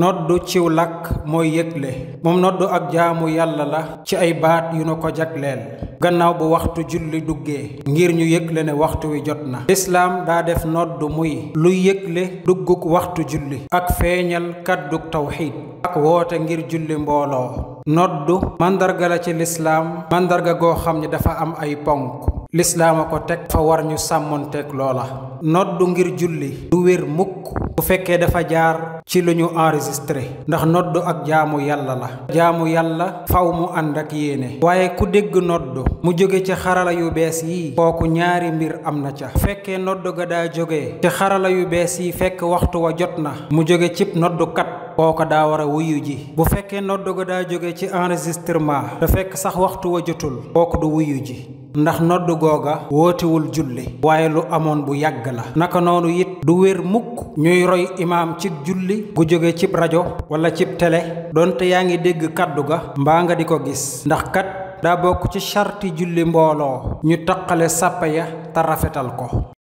noddu ciw làkk mooy yëgle moom noddu ak jaamu yàlla la ci ay baat yu nu ko jagleel gannaaw bu waxtu julli duggee ngir ñu yëgle ne waxtu wi jot na lislaam daa def noddu muy luy yëgle dugguk waxtu julli ak feeñal kàdduk tawxiid ak woote ngir julli mbooloo noddu màndarga la ci lislaam màndarga goo xam ne dafa am ay ponk lislaama ko teg fa war ñu sàmmoon sàmmonteeg loola noddu ngir julli du wér mukk bu fekkee dafa jaar ci lu ñu enregistré ndax noddu ak jaamu yàlla la jaamu yàlla faw mu ànd ak yéene waaye ku dégg noddu mu jóge ci xarala yu bees yi kooku ñaari mbir am na ca fekkee noddu ga daa xarala yu bees yi fekk waxtu wa jot na mu jóge cib noddukat kooka daa war a wuyu ji bu fekkee noddu ga daa jóge ci enregistrement te fekk sax waxtu wa jotul kooku du wuyu ji ndax nodd googa wootewul julli waaye lu amoon bu yàgg la naka noonu it du wér mukk ñuy roy imaam cib julli gu jóge cib rajo wala cib tele donte yaa ngi dégg kàddu ga mbaa nga di ko gis ndax kat daa bokk ci sarti julli mbooloo ñu taqale sàppa ya te rafetal ko